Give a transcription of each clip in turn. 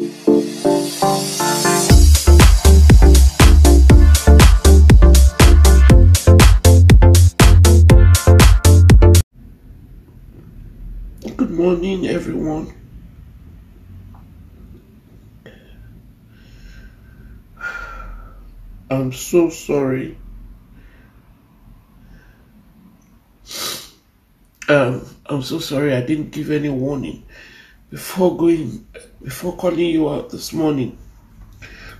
Good morning, everyone. I'm so sorry. Um, I'm so sorry I didn't give any warning before going before calling you out this morning.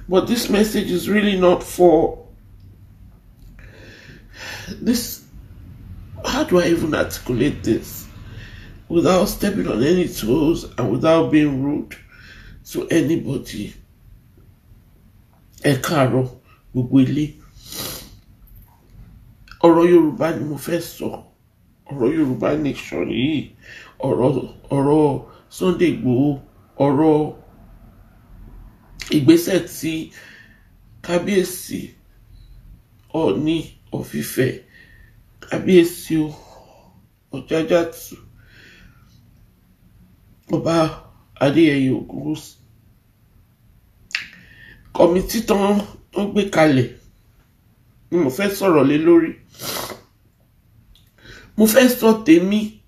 But this message is really not for this how do I even articulate this without stepping on any toes and without being rude to anybody? A caro, gbogbo ilé. Ọ̀rọ̀ Yorùbá ni mo fẹ́ sọ. Ọ̀rọ̀ Yorùbá nation yìí. Ọ̀rọ̀ ọ̀rọ̀ Sunday Igboho ọ̀rọ̀ ìgbésẹ̀ tí kábíyèsí Ọọ̀ni of Ife kábíyèsí Ọ̀jájàtù ọba Adéyẹyè Ògúnwùsì kọmitì tán tán gbé kalẹ̀ ni mo fẹ́ sọ̀rọ̀ lé lórí mo fẹ́ sọ tèmi. So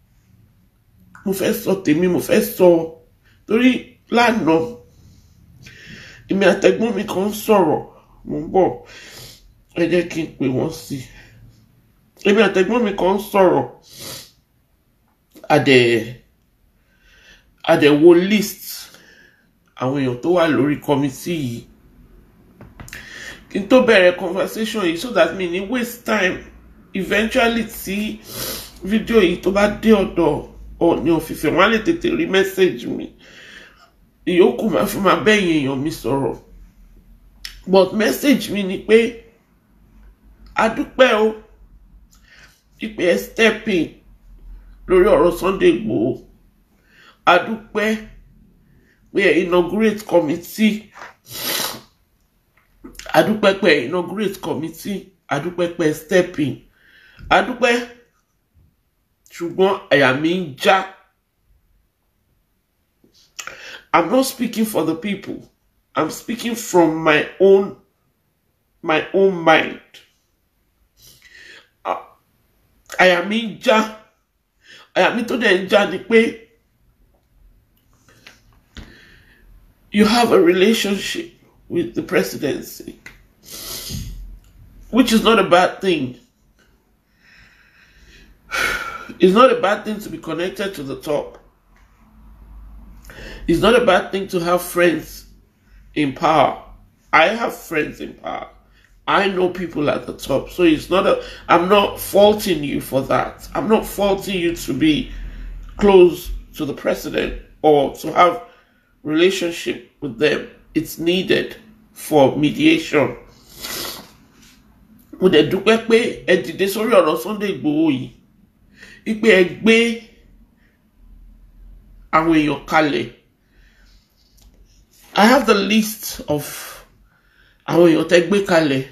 mo fẹ́ sọ tèmi mo fẹ́ sọ torí lánàá èmi àtẹ̀gbọ́n mi kan sọ̀rọ̀ mo ń bọ̀ ẹ jẹ́ kí n pè wọ́n sí i èmi àtẹ̀gbọ́n mi kan sọ̀rọ̀ àdẹ̀ àdẹ̀wò list àwọn èèyàn tó wà lórí kọmitì yìí kí n tó bẹ̀rẹ̀ conversation yìí so that mi ní waste time eventually tí fídíò yìí tó bá dé ọ̀dọ̀ Ọọ̀ni Ọ̀fìfẹ̀ wọ́n á lè tètè rí mẹ́sẹ̀gì mi ìyókù máa fi máa bẹ́yìn èèyàn mi sọ̀rọ̀ but message mi ni pé adúpẹ́ o ìpè ẹ step in lórí ọ̀rọ̀ Sunday Igboho adúpẹ́ pé ẹ inaugurate committee adúpẹ́ pé ẹ inaugurate committee adúpẹ́ pé stepping. step in adúpẹ́. ṣùgbọ́n àyà mi ń já. I'm not speaking for the people. I'm speaking from my own my own mind. I am ń já. I am tó dẹ̀ ń já ni pé you have a relationship with the presidency, which is not a bad thing. It's not a bad thing to be connected to the top. It's not a bad thing to have friends in power. I have friends in power. I know people at the top. So it's not a, I'm not faulting you for that. I'm not faulting you to be close to the president or to have relationship with them. It's needed for mediation. Sunday wípé ẹ gbé àwọn èèyàn kalẹ̀ I have the list of àwọn èèyàn tẹ́ gbé kalẹ̀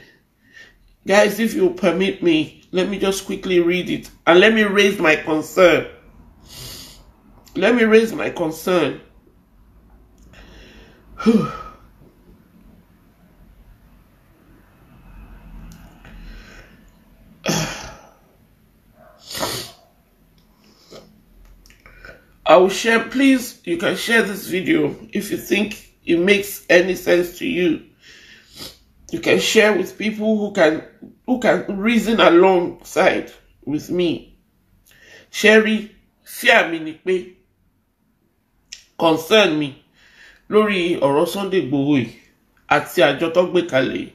guys if you permit me let me just quickly read it and let me raise my concern let me raise my concern. I will share, please, you can share this video if you think it makes any sense to you. You can share with people who can, who can reason alongside with me. Sherry, fear me ni concern me, lórí or Sunday Igboho at àti àjọ tó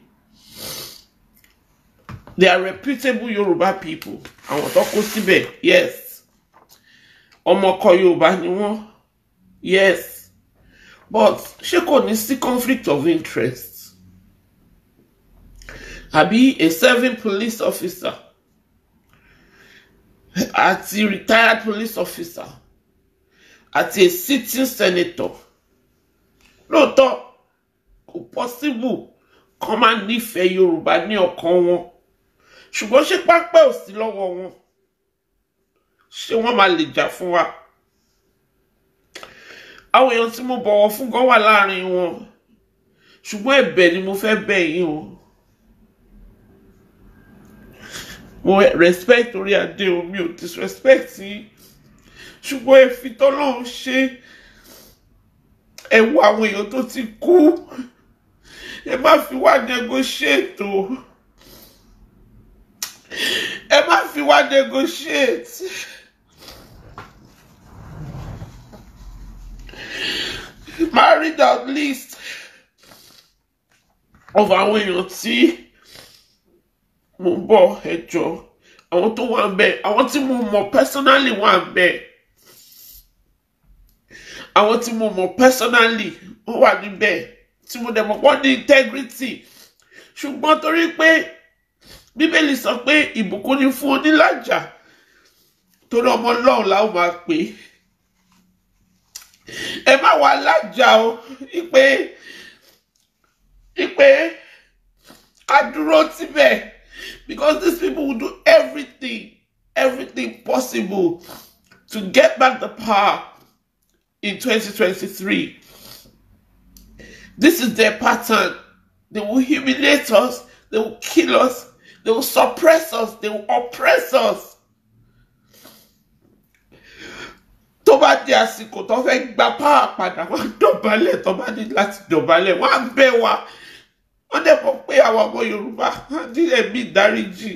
They are reputable Yoruba people. Àwọn tó kó síbẹ̀, yes ọmọ ọkọ Yorùbá ni wọ́n yes but ṣé kò ní sí conflict of interest àbí a serving police officer àti retired police officer àti a sitting senator lóòótọ́ kò possible kàn máa nífẹ̀ẹ́ Yorùbá ní ọkàn wọn ṣùgbọ́n ṣé pápẹ́ ò sí lọ́wọ́ wọn ṣé wọ́n máa lè jà fún wa àwọn èèyàn tí mo bọ̀wọ̀ fún gan wà láàrin wọn ṣùgbọ́n ẹ̀bẹ̀ ni mo fẹ́ bẹ̀ yín o mo respect orí adé o mi ò disrespect yín ṣùgbọ́n ẹ fi tọ́lọ́run ṣe ẹ wo àwọn èèyàn tó ti kú ẹ má fi wá negotiate o ẹ má fi wá negotiate. married at least of àwọn èèyàn tí mo ń bọ̀ ẹjọ́ àwọn tó wà ń bẹ̀ àwọn tí mo mọ̀ personally wà ń bẹ̀ àwọn tí mo mọ̀ personally wọ́n wà níbẹ̀ tí mo dẹ̀ mọ̀ pọ́n ní integrity ṣùgbọ́n torí pé bíbélì sọ pé ìbùkún ni fún onílàjà torí ọmọ ọlọ́run la ó máa pè é. ẹ má wà lájà o ipe ipe not dúró because these people will do everything everything possible to get back the power in 2023. This is their pattern. They will humiliate us, they will kill us, they will suppress us, they will oppress us. tó bá di àsìkò tó fẹ́ gba páà padà wá dọ̀bálẹ̀ tó bá ní láti dọ̀bálẹ̀ wá bẹ̀ wá wọ́n dẹ̀ mọ̀ pé àwọn ọmọ Yorùbá nílẹ̀ mí ìdáríjì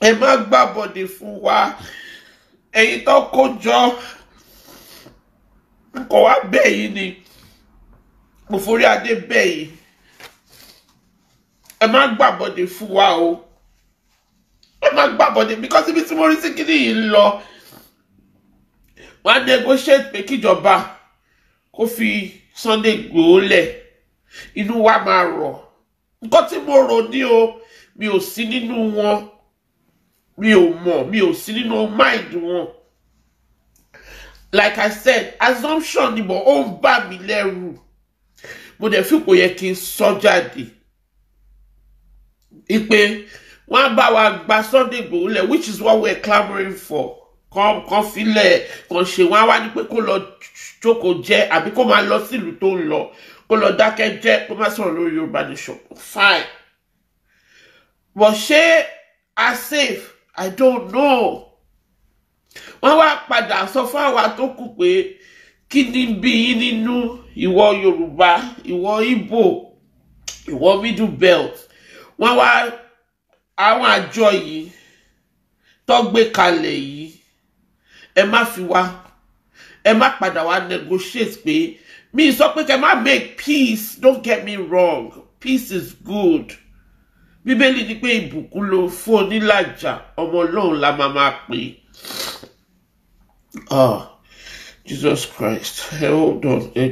ẹ má gbàbọ̀dè fún wa ẹ̀yin tó kó jọ kò wá bẹ̀ yìí ni mo forí adé bẹ̀ yìí ẹ má gbàbọ̀dè fún wa o ẹ má gbàbọ̀dè because ibi tí mo rí sí kíní yìí ń lọ wọ́n á negotiate pé kíjọba kó fi Sunday Igboho lẹ̀ inú wa máa rọ̀ nǹkan tí mo rò ní o mi ò sí nínú wọn mi ò mọ̀ mi ò sí nínú mind wọn like I said assumption ni mo ò ń bà mí lẹ́rù mo dẹ̀ fi kò yẹ kí n sọ jáde ipe wọ́n á bá wa gba Sunday Igboho lẹ̀ which is what we are clamouring for kan kan filẹ̀ kan ṣe wọn wá ní pé kó lọ jókòó jẹ́ àbí kó máa lọ sílùú tó ń lọ kó lọ dákẹ́ jẹ́ kó má sọ̀rọ̀ lórí Yorùbá nation fine but ṣé a safe I don't know wọ́n wá padà sọ fún àwa tó kù pé kí ni bí yín nínú ìwọ Yorùbá ìwọ Ìgbò ìwọ Middle Belt wọ́n wá àwọn àjọ yìí tó gbé kalẹ̀ yìí ẹ má fi wá ẹ má padà wá negotiate pé mi sọ pé kẹ má make peace don't get me wrong peace is good bíbélì ni pé ìbùkún ló fún onílàjà ọmọ ọlọ́run la máa máa pè ah Jesus Christ hold on ẹ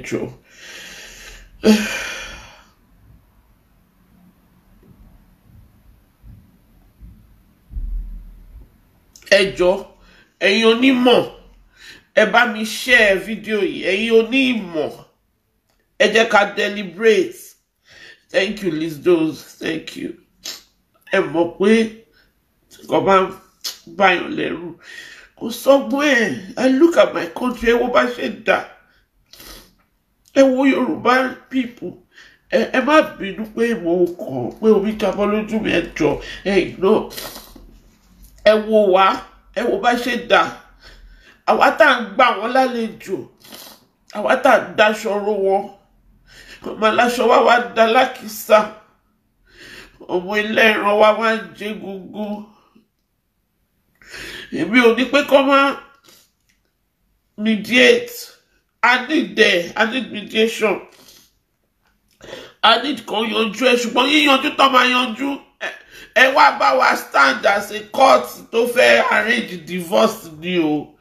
jọ. ẹ̀yin onímọ̀ ẹ bá mi share fídíò yìí ẹ̀yin onímọ̀ ẹ jẹ́ ká deliberate thank you Lizdos thank you ẹ mọ̀ pé kò bá báyọ̀ lẹ́rù kò sọ́gbọ́n ẹ̀ I look at my country ẹ wo bá ṣe dà ẹ wo Yorùbá people ẹ ẹ má bínú pé mo kàn pé omi jábọ́ lójú mi ẹ jọ ẹ ignore ẹ wo wá ẹ wo bá ṣe dà àwa tá à ń gbà wọ́n lálejò àwa tá à ń daṣọ ro wọn ọmọ aláṣọ wa wá da lákìsà ọmọ ilé ìran wa wá ń jẹ gbogbo èmi ò ní pé kọ́ máa mediate i need there i need mediation i need kan yanjú ẹ ṣùgbọ́n yíyanjú tó máa yanjú ẹ wá bá wa stand as a court tó fẹ́ arrange divorce ni o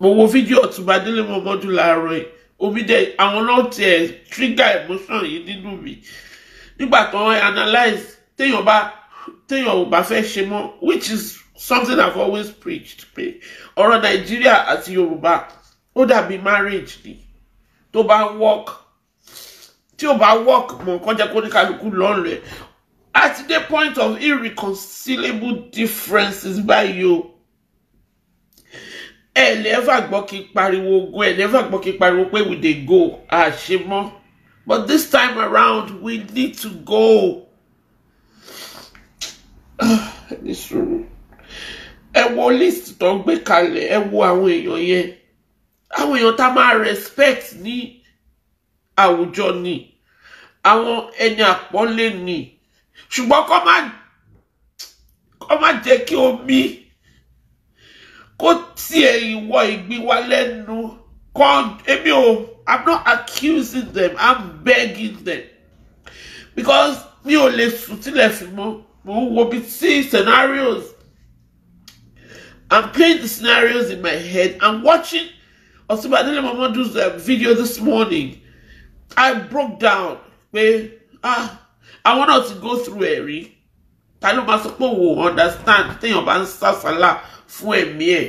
mo wo fídíò Ọ̀túnba Délé Mọ̀mọ́dún láàárọ̀ yìí omi dẹ àwọn náà tiẹ̀ trigger emotion yìí nínú mi nígbà tó ń analyse téèyàn bá téèyàn ò bá fẹ́ ṣe mọ́ which is something I've always preached pé ọ̀rọ̀ Nàìjíríà àti Yorùbá ó dàbí marriage ni tó bá work tí ò bá work mọ̀ kọjá kó ní kálukú at the point of irreconcilable differences by you, ẹ never gbọ́ kí pariwo ogun ẹ never gbọ́ kí pariwo pé we dey go àṣemọ́ but this time around we need to go. ẹni sọ̀rọ̀ ẹ wo list tó ń gbé kalẹ̀ ẹ wo àwọn èèyàn yẹn àwọn èèyàn tá a máa respect ní àwùjọ ni àwọn ẹni àpọ́nlé ni. Àwọn, ṣùgbọ́n kọ́ má kọ́ má jẹ́ kí omi kó tiẹ̀ ìwọ ìgbín wa lẹ́nu kọ́ èmi o i'm not accusing them i'm begging them because mi ò lè sùn tílẹ̀ fi mọ́ mo ń wo bí tí scenarios i'm playing the scenarios in my head i'm watching Osibadele Momodu's um, video this morning i broke down pé ah. I want us to go through ẹ̀ rí ta ló máa sọ pé òun ò understand téèyàn bá ń sàsálà fún ẹ̀mí ẹ̀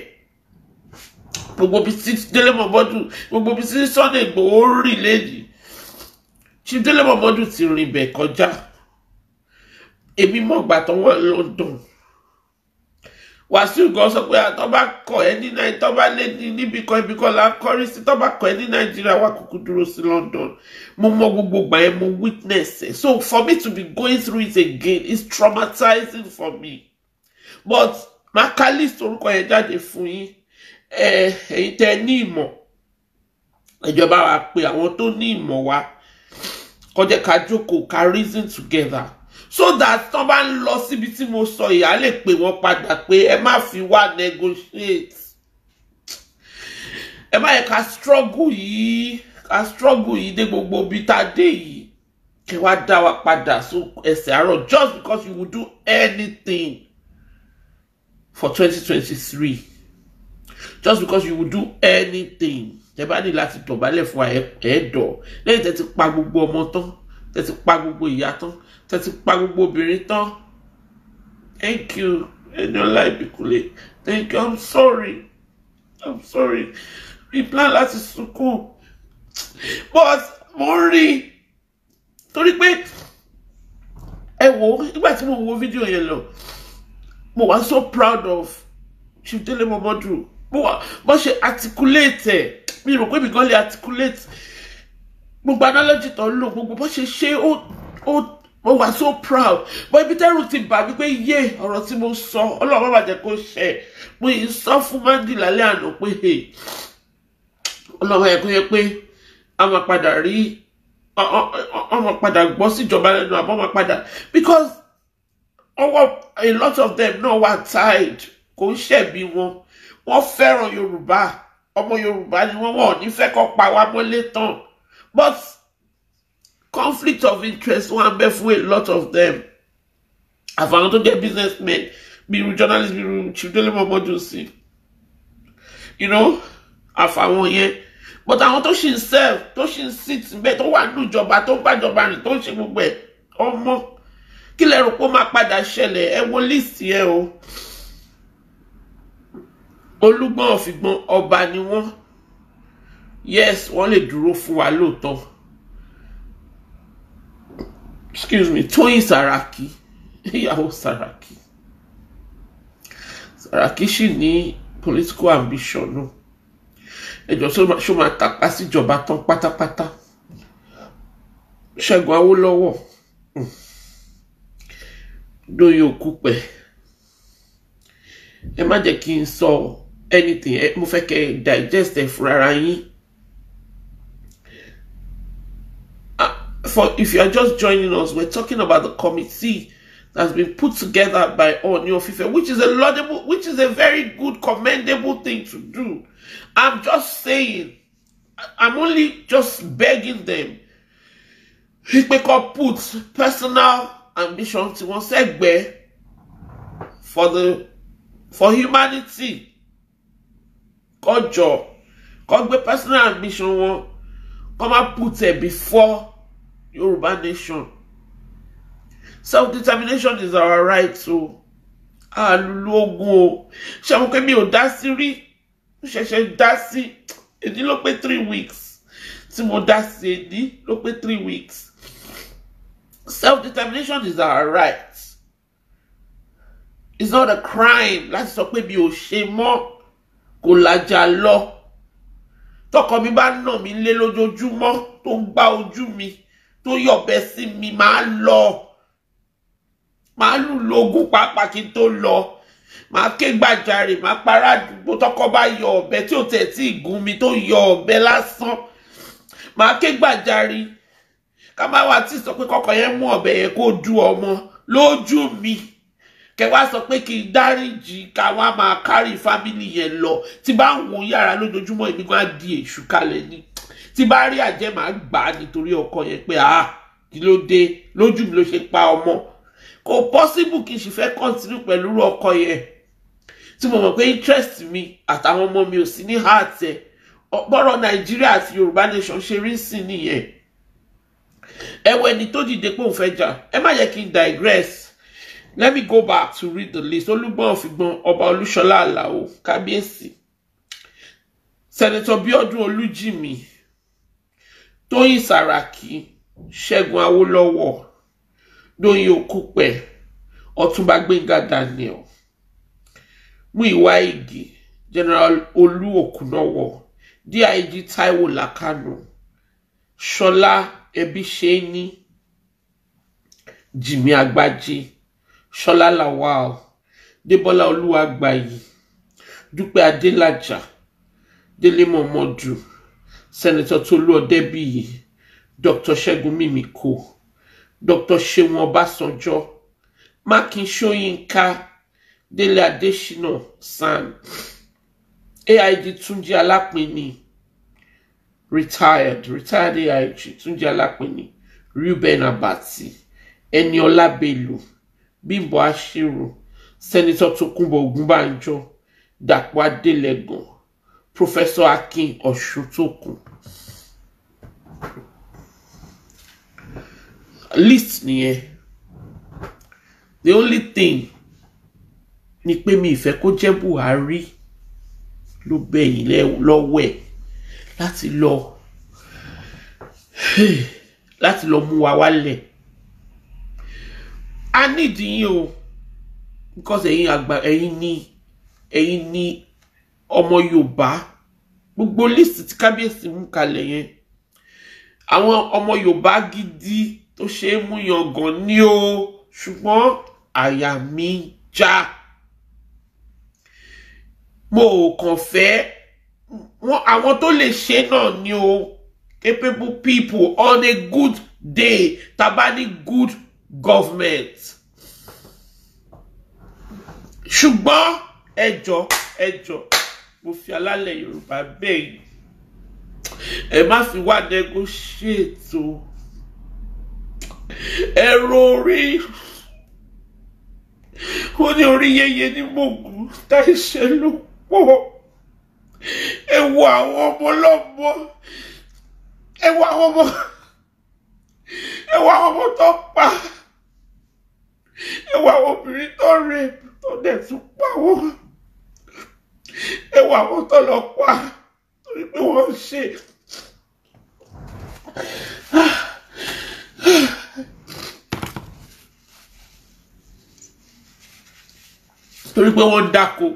gbogbo bí sí délé mọ̀mọ́dún gbogbo bí sí Sunday Igboho rìn lẹ́yìn tí délé mọ̀mọ́dún ti rìn bẹ̀ kọjá èmi mọ̀gbà tó wọ́n London wàsíù gan sọ pé àtọ́bá ah, kọ̀ ẹ́ ní nàìjíríà tọ́bá lé níbi kan ibi kan là ń kọrí sí tọ́bá kọ̀ ẹ́ ní nàìjíríà wà kúkú dúró sí London mo mọ gbogbo gbà yẹn mo witness ẹ so for me to be going through it again is traumatizing for me but macalist orúkọ yẹn jáde fún yín ẹ̀yin tẹ́ ní ìmọ̀ ìjọba wa pé àwọn tó ní ìmọ̀ wa kó jẹ́ ká jókòó ká reason together so that tán bá ń lọ síbi tí mo sọ ìyá lè pè wọ́n padà pé ẹ má fi wá negotiate ẹ má yẹ ká struggle yìí ká struggle yìí dé gbogbo ibi tá a dé yìí kí wá dá wa padà so ẹsẹ̀ àárọ̀ just because you would do anything for 2023 just because you would do anything tẹ bá ní láti dọ̀bálẹ̀ fún ẹ̀ẹ́dọ̀ lẹ́yìn tẹ́ ti pa gbogbo ọmọ tán tẹ́ ti pa gbogbo ìyá tán tẹ́ ti pa gbogbo obìnrin tán thank you Eniola Ibikunle thank you i'm sorry i'm sorry We plan láti sunkún but mo ń rí torí pé ẹ wò ó nígbà tí mo wo fídíò yẹn lọ mo wá so proud of Chief Dele Momodu mo wá bó ṣe articulate ẹ mi rò pé mi gan lè articulate gbogbo analogy tó ń lò gbogbo bó ṣe ṣe ó ó mo wà so proud bọ́ ibi tẹ́rù ti bà mí pé yé ọ̀rọ̀ tí mo sọ ọlọ́run bàbá jẹ́ kó ṣe mo yìí sọ fún mandy lálẹ́ àná pé ọlọ́run yẹ kó yẹ pé a máa padà rí ọmọ padà gbọ́ síjọba lẹ́nu àbọ̀ máa padà because ọwọ́ a lot of them náà wà tied kò ń ṣẹ̀bi wọn wọ́n fẹ́ràn yorùbá ọmọ yorùbá ni wọ́n wọ́n ò ní fẹ́ kó pa wá mọ́lé tán But conflict of interest One, ń bẹ a lot of them. Àfàwọn tó jẹ́ businessmen be journalists, be children, Chidele Momodu see. You know, I àfàwọn here. But àwọn tó ṣì ń serve tó ṣì ń sit Don't tó wà ní ìjọba tó ń bàjọba rìn tó ń ṣe gbogbo ẹ̀ ọmọ kí lẹ rò pé ó máa padà ṣẹlẹ̀ ẹ wo list yẹn o olúgbọ́n ọ̀fìgbọ́n ọba ni wọ́n yes wọ́n lè dúró fún wa lóòótọ́ excuse me Tóyìn Saraki, ìyàwó Saraki. Saraki, sì ní political ambition náà ẹjọ ṣó máa tàpá síjọba tán pátápátá Ṣẹ́gun Awólọ́wọ̀ lóyún hmm, òkú pẹ ẹ má jẹ́ kí n sọ anything mo fẹ́ kẹ́ digest ẹ fúnra yín for if you are just joining us, we're talking about the committee that's been put together by new Ofife, which is a laudable, which is a very good, commendable thing to do. I'm just saying, I'm only just begging them. make up put personal ambition to one segbe for the for humanity. Kọjọ, kó gbé personal ambition one, come má put it before Yoruba nation. Self-determination is our right so àlùlù ogun o ṣe àwọn pé mi ò dá sí rí ṣẹ̀ṣẹ̀ dá sí èdè ló pé three weeks tí mo dá sí èdè ló pé three weeks self-determination is our right it's not a crime láti sọ pé mi ò ṣe mọ́ kò làjà lọ tọkọ mi bá nà mí lé lójoojúmọ́ tó ń gbá ojú mi tó yọ̀bẹ sí mi máa lọ máa lùlù ogún pàápàá kí n tó lọ máa ké gbàjarè máa para àdúgbò tọkọ bá yọ ọ̀bẹ tí ò tẹ̀ tí ìgún mi tó yọ ọ̀bẹ lásán máa ké gbàjarè ká má wá tí sọ pé kọkọ yẹn mú ọ̀bẹ yẹn kó du ọmọ lójú mi kẹwàá sọ pé kí n dáríjì káwa máa kárí fámìlì yẹn lọ tí bá ń wo yàrá lójoojúmọ́ èmi gan á di èṣù kalẹ̀ ni tí bá rí àjẹ́ màá gbà á nítorí ọkọ yẹn pé ah kí ló dé lójú mi ló ṣe pa ọmọ kò pọ́síbù kí n sì fẹ́ kọ́ntínú pẹ̀lú ọkọ yẹn tí mo mọ̀ pé interest mi àtàwọn ọmọ mi ò sí ní heart ẹ̀ bọ́rọ̀ nàìjíríà àti yorùbá nation ṣe rí sí nìyẹn ẹwọ ẹni tó dìde pé òun fẹ́ jà ẹ má yẹ kí n digress let me go back to read the list olúgbọ́n òfìgbọ́n ọba olúṣọlá àlàó kábíyèsí sẹ́nẹ̀tọ̀ bíọ́dún olújìmí tóyìn sàràkí ṣẹ́gun awólọ́wọ̀ dóyin òkúpẹ̀ ọ̀túnba gbẹ̀ngà daniel muiwa igi general olú òkúnọ̀wọ̀ dig taiwo lakano ṣọlá ẹbíṣẹ́ni jimmy agbaji ṣọlá lawal débọ́lá olúwàgbàyí dúpẹ́ adélájà délé mọ̀mọ́dù. Senator Tolu Odebiyi, Dr. Segun Mimiko, Dr. Seun Obasanjo, Makin Soyinka, Dele Adesina, Sam, AIG Tunji Alapini, retired, retired AIG Tunji Alapini, Ruben Abati, Eniola Belu, Bimbo Ashiru, Senator Tokunbo Ogunbanjo, Dapò Adelegan. Professor Akin Ọ̀ṣuntókun. list nìyẹn the only thing ni pé mi ìfẹ́ kó jẹ́ Buhari ló bẹ̀yìn lọ́wọ́ we. láti lọ láti lọ mú wa wálẹ̀ a nídìí yín because ẹ̀yin àgbà ẹ̀yin ni, ẹ̀yin ni ọmọ Yorùbá gbogbo lísì tí kábíyèsí mú kalẹ̀ yẹn àwọn ọmọ Yorùbá gidi tó ṣe é mú yangàn ni o ṣùgbọ́n àyà mi já mo kàn fẹ́ àwọn tó lè ṣe náà ni o capable people on a good day tàbá ní good government ṣùgbọ́n ẹjọ́ ẹjọ́ mo fi alálẹ̀ yorùbá bẹ́ẹ̀ yìí ẹ má fi wá negotiate o ẹ ro orí ó ní orí yẹyẹ ní mògùn táìṣẹ ló pọ̀ ẹ wo àwọn ọmọ ọlọ́mọ ẹ wo àwọn ọmọ ẹ wo àwọn ọmọ tó pa ẹ wo àwọn obìnrin tó rèé tó dẹ̀ tún pa wọ́n ẹ wà wọ́n tọ́ lọ pa torí pé wọ́n ń ṣe. torí pé wọ́n dáko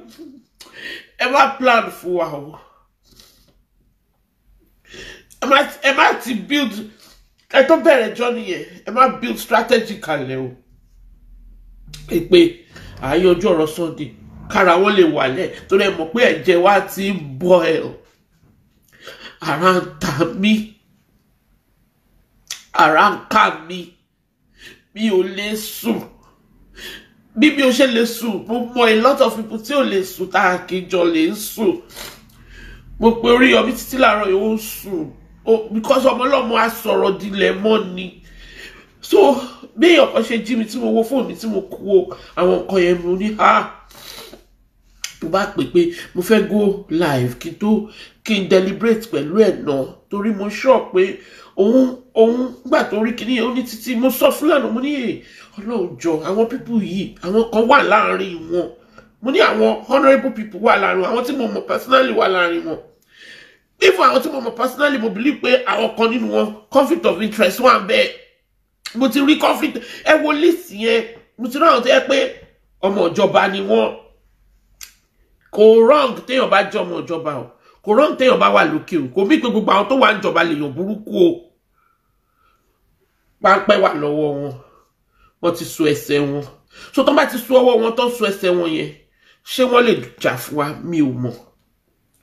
ẹ má plan fún wa o ẹ má ti build ẹ tó bẹ̀rẹ̀ journey yẹn ẹ má build strategy kalẹ̀ o ìpè àyànjú ọ̀rọ̀ Sunday kára wọn lè wálẹ̀ torí ẹ mọ̀ pé ẹ̀jẹ̀ wa ti ń boil ara ń ta mí ara ń ká mi mi ò lè sùn bí mi ò ṣe lè sùn mo mọ a lot of people tí ò lè sùn tá a kì í jọ lè sùn mo pe orí ọbí títí láàárọ̀ yìí ó ń sùn because ọmọlọ́mọ á sọ̀rọ̀ dilẹ̀ mọ́ ni so bí èèyàn kan ṣe jí mi tí mo wo fóònù mi tí mo kú o àwọn nǹkan yẹn mo ní ha. Ah, mo bá pè pé mo fẹ́ go live kí n tó kí n deliberate pẹ̀lú ẹ̀ náà torí mo sọ pé òun òun gbà tó rí kíní ó ní títí mo sọ fún lánàá mo ní èè ọlọ́run jọ àwọn pípù yìí àwọn kan wà láàrin wọn mo ní àwọn honourable people wà láàrin wọn àwọn tí mo mọ̀ personally wà láàrin wọn if àwọn tí mo mọ̀ personally mo believe pé àwọn kan nínú wọn conflict of interest wà bẹ́ẹ̀ mo ti rí conflict ẹ wo list yẹn mo ti rí àwọn tó yẹ pé ọmọ ìjọba ni wọn kò wrong téèyàn bá jẹ́ ọmọ ìjọba o kò wrong téèyàn bá wà lókè o kò mí pé gbogbo àwọn tó wà ń jọba lèèyàn burúkú o páńpẹ́ wà lọ́wọ́ wọn wọ́n ti so ẹsẹ̀ wọn so tán bá ti so ọwọ́ wọn tán so ẹsẹ̀ wọn yẹn ṣé wọ́n lè jà fún wa mi ò mọ̀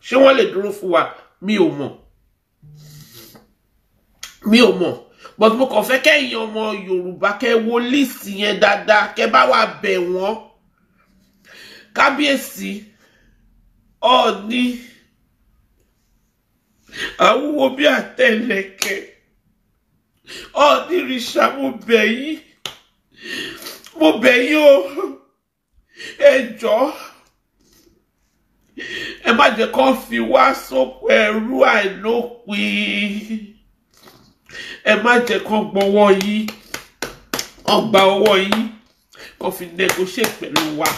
ṣé wọ́n lè dúró fún wa mi ò mọ̀ mi ò mọ̀ but mo kàn fẹ́ kẹ́yìn ọmọ Yorùbá kẹ́ wo líìsì yẹn dáadáa kẹ́ bá wa bẹ̀ wọ́n kábíyèsí ọ̀ọ́ni àwúwo bí àtẹ̀lẹ̀kẹ̀ ọ̀ọ́ni rìṣà mo bẹ̀ yín mo bẹ̀ yín o ẹ jọ̀ọ́ ẹ má jẹ́ kó fi wá sóko ẹrú àìlópin ẹ má jẹ́ kó gbọ́wọ́ yín ọgbà ọwọ́ yín kó fi negotiate pẹ̀lú wa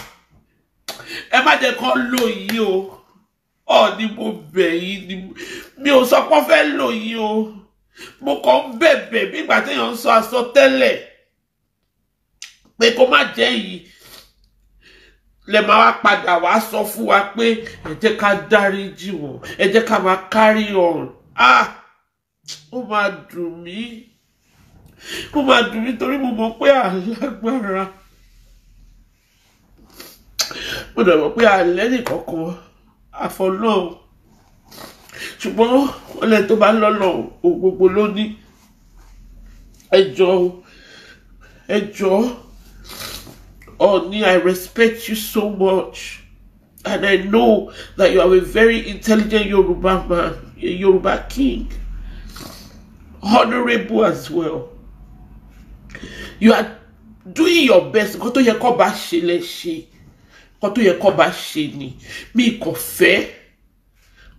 ẹ má jẹ́ kán lò yìí o ọ̀ ni mo bẹ̀ yìí ni mi ò sọ pé wọ́n fẹ́ lò yìí o mo kàn ń bẹ̀bẹ̀ nígbà téèyàn ń sọ àsọtẹ́lẹ̀ pé kó má jẹ́ yìí lẹ máa wá padà wá sọ fún wa pé ẹ jẹ́ ká dáríjì wọ́n ẹ jẹ́ ká máa carry on ah ó máa dùn mí ó máa dùn mí torí mo mọ̀ pé àlágbára mo dẹ̀ mọ̀ pé àlẹ́rì kankan àfọlọ́hùn ṣùgbọ́n ọlẹ́ tó bá lọ́lọ́ gbogbo ló ní ẹjọ́ ẹjọ́ Ọ̀ní I respect you so much and I know that you are a very intelligent Yoruba man a Yoruba king honourable as well you are doing your best nǹkan tó yẹ kó bá ṣe lè ṣe kọ́ tó yẹ kọ́ bá ṣe ni mi kò fẹ́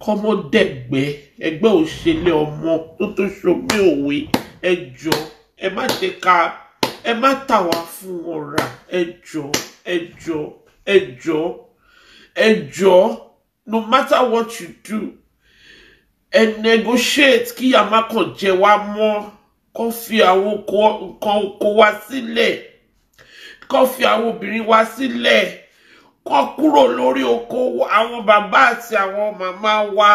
kọ́mọ dẹ̀gbẹ́ ẹgbẹ́ òṣèlé ọmọ tó tó ṣogbé òwe ẹ jọ ẹ má ṣe ká ẹ má tà wá fún ọ̀rà ẹ jọ ẹ jọ ẹ jọ ẹ jọ no matter what you do ẹ negotiate kí a má kàn jẹ wá mọ́ kó fi àwọn nǹkan oko wa sílẹ̀ kó fi àwọn obìnrin wa sílẹ̀. Si kọ́ kúrò lórí oko àwọn bàbá àti àwọn màmá wa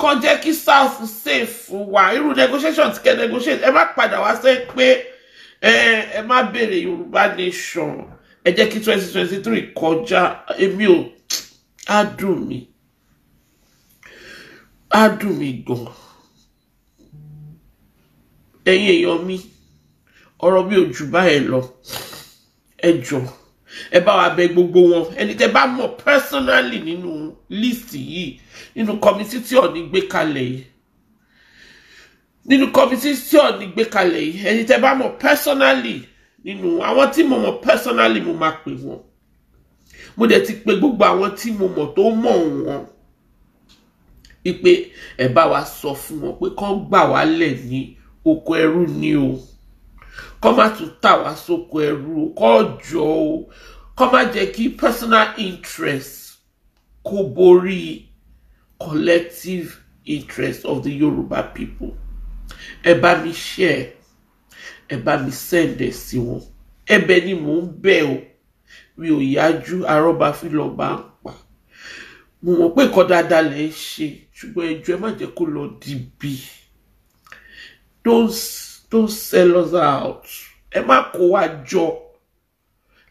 kọ́ jẹ́ kí south safe wà irú negotiation ti kẹ́ negotiate ẹ má padà wá sẹ́ pé ẹ má béèrè yorùbá nation ẹ jẹ́ kí twenty twenty three kọjá èmi ò á dùn mí á dùn mí gan ẹ̀yin èèyàn mi ọ̀rọ̀ mi ò jù báyẹn lọ ẹ jọ̀ọ́ ẹ bá wa bẹ gbogbo wọn ẹni tẹ bá mọ̀ personally nínú list yìí nínú committee tí Ọọ̀ni gbé kalẹ̀ yìí nínú committee tí Ọọ̀ni gbé kalẹ̀ yìí ẹni tẹ bá mọ̀ personally nínú àwọn tí mo mọ̀ personally mo máa pè wọ́n mo dẹ̀ ti pe gbogbo àwọn tí mo mọ̀ tó mọ̀ wọ́n wípé ẹ bá wa sọ fún wọn pé kán gbà wá lẹ̀ ní oko ẹrú ni o kọ́ má tún tà wá sóko ẹrú kọ́ jọ o kọ́ má jẹ́ kí personal interest kó borí collective interest of the Yoruba people ẹ bá mi share ẹ bá mi send ẹ sí wọn ẹ̀bẹ̀ ni mò ń bẹ̀ o mi ò yájú arọ́bàfin lọ́ba ń pa mo mọ̀ pé nǹkan dáadáa lè ń ṣe ṣùgbọ́n ẹjọ́ ẹ má jẹ́ kó lọ dìbì don't don't sell us out Emma, má kó wa jọ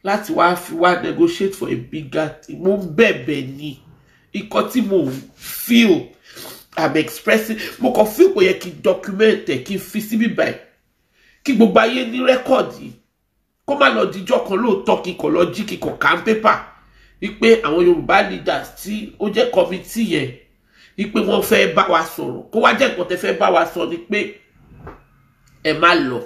láti wá fi wá negotiate for a bigger thing mo ń bẹ̀bẹ̀ ni ikọ́ tí mo feel i'm expressing mo kàn feel kò yẹ kí n document ẹ̀ kí n fi síbí báyìí kí gbogbo ayé ní rẹ́kọ̀dì kó má lọ díjọ́ kan lóòótọ́ kíkọ̀ lọ jí kíkọ̀ kàn pépà wípé àwọn yorùbá leaders tí ó jẹ́ committee yẹn wípé wọ́n fẹ́ bá wa sọ̀rọ̀ kó wá jẹ́ nǹkan tẹ́ fẹ́ bá wa sọ ni pé ẹ má lọ.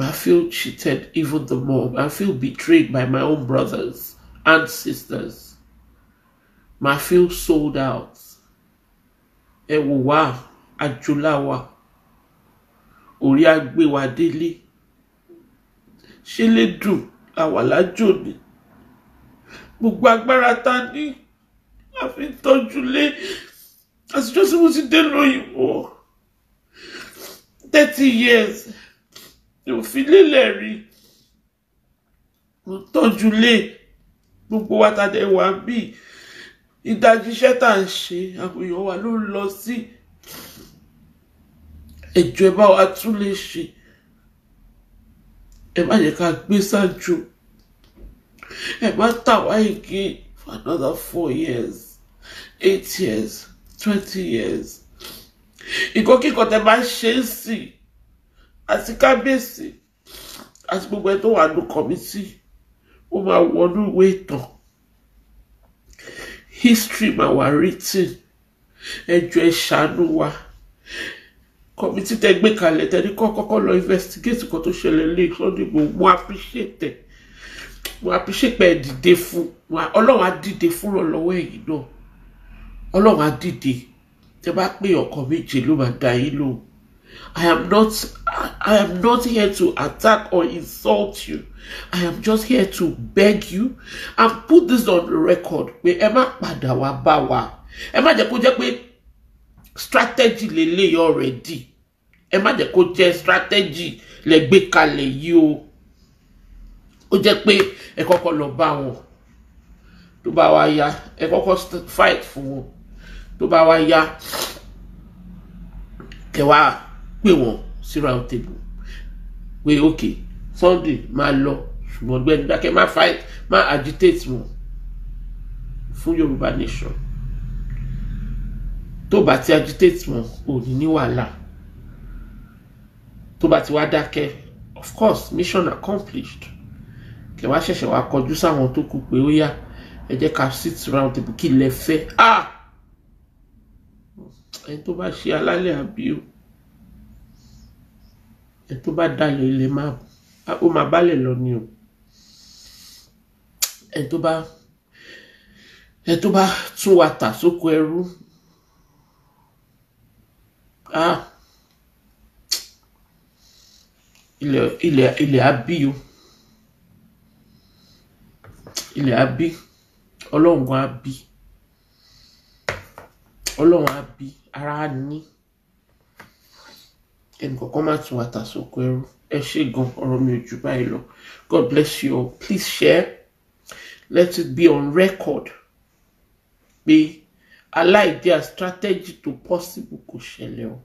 I feel cheated even the more. I feel betrayed by my own brothers and sisters. I feel sold out. Ẹ wò wá, àjòlá wa, orí agbé wa délé. Ṣé lè dùn àwàlájò ni? Gbogbo agbára ta ní a fi ń tọ́jú lé àtijọ́ tí mo ti dé lóyìnbó thirty years mi ò fi lélẹ̀ rí mo tọ́jú lé gbogbo wa ta dẹ̀ wá bí ìdajì iṣẹ́ tá à ń ṣe àwọn èèyàn wa ló lọ sí ẹjọ́ ẹ bá wa tún lè ṣe ẹ má yẹ ká gbé ṣáájú ẹ má tà wá igi another four years eight years twenty years ìkókíkọ tẹ bá ṣe ń sìn àti kábíyèsí àti gbogbo ẹ tó wà ní kọmítì ó máa wọnú ìwé ìtàn history máa wà written ẹjọ ẹ ṣàánú wa kọmítì tẹ gbé kalẹ̀ tẹ ní kọ́kọ́kọ́ lọ investigate kan tó ṣẹlẹ̀ lé Sunday e, Igboho mo appreciate it mo appreciate pé ẹ dìde fún ọlọ́run á dìde fún ìrànlọ́wọ́ ẹ̀yìn náà ọlọ́run á dìde tẹ bá pé ọkọ méje ló máa da yín lóhùn I am not I am not here to attack or insult you I am just here to beg you and put this on record pé ẹ má padà wá bá wa ẹ má jẹ́ kó jẹ́ pé strategy lélẹ́yìn already ẹ má jẹ́ kó jẹ́ strategy lẹ gbé kalẹ̀ yìí o ó jẹ́ pé ẹ kọ́kọ́ lọ bá wọn tó bá wá yá ẹ kọ́kọ́ fight fún wọn tó bá wá yá kẹ́ wá pè wọ́n sí round table pé ok Sunday máa lọ ṣùgbọ́n gbẹ́ni dákẹ́ má fight má agitate wọn fún Yorùbá nation tó bá ti agitate wọn ò ní ní wàhálà tó bá ti wá dákẹ́ of course mission accomplished kẹ wá ṣẹ̀ṣẹ̀ wá kọjú sáwọn tó kù pé ó yá ẹ jẹ́ ká sit round table kí lẹ fẹ́ ah ẹni tó bá ṣe alálẹ̀ àbí o ẹni tó bá dayọ̀ ilẹ̀ máa ah, ó máa bálẹ̀ lọ ni o ẹni tó bá ẹni tó bá tún wa tà sóko ẹrú ah ilẹ̀ ilẹ̀ ilẹ̀ á bí o ilẹ̀ á bí ọlọ́run gan á bí ọlọ́run á bí ara á ní ẹnìkọ̀ọ̀kan má tún wà tàṣokò ẹrú ẹ ṣe gan ọ̀rọ̀ mi ò jù báyìí lọ God bless you all please share let it be on record pé aláìdí a strategy to possible kò ṣẹlẹ̀ o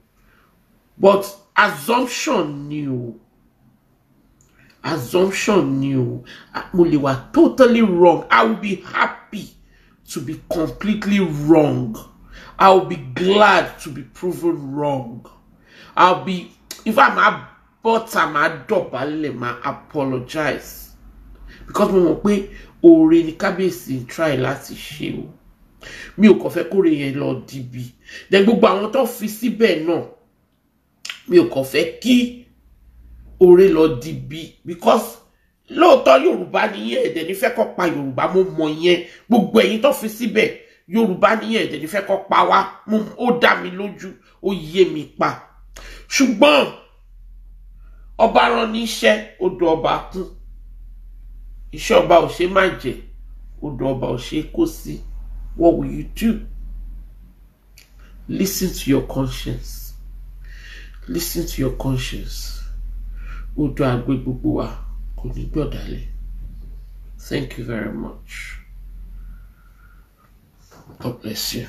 but assumption ni o assumption ni o mo totally wrong i will be happy to be completely wrong i will be glad to be proven wrong I'll be if i'm a butter máa dọ̀bálẹ̀ máa apologize because mo mọ̀ pé oore ni kábíyèsí try láti ṣe o mi ò kàn fẹ́ kóre yẹn lọ dìbì then gbogbo àwọn tó fi síbẹ̀ náà mi ò kàn fẹ́ kí oore lọ di bi because lóòótọ́ yorùbá nìyẹn ẹ̀dẹ̀ nífẹ̀ẹ́ kọ́ pa yorùbá mo mọ̀ yẹn gbogbo ẹ̀yin tó fi síbẹ̀ yorùbá nìyẹn ẹ̀dẹ̀ nífẹ̀ẹ́ kọ́ pa wá ó dá mi lójú ó yé mi pa ṣùgbọ́n ọba rán ní iṣẹ́ odò ọba kú iṣẹ́ ọba ò ṣe má jẹ odò ọba ò ṣe kó sí what will you do listen to your conscience listen to your conscience. àgbè gbogbo wa kò ní thank you very much god bless you.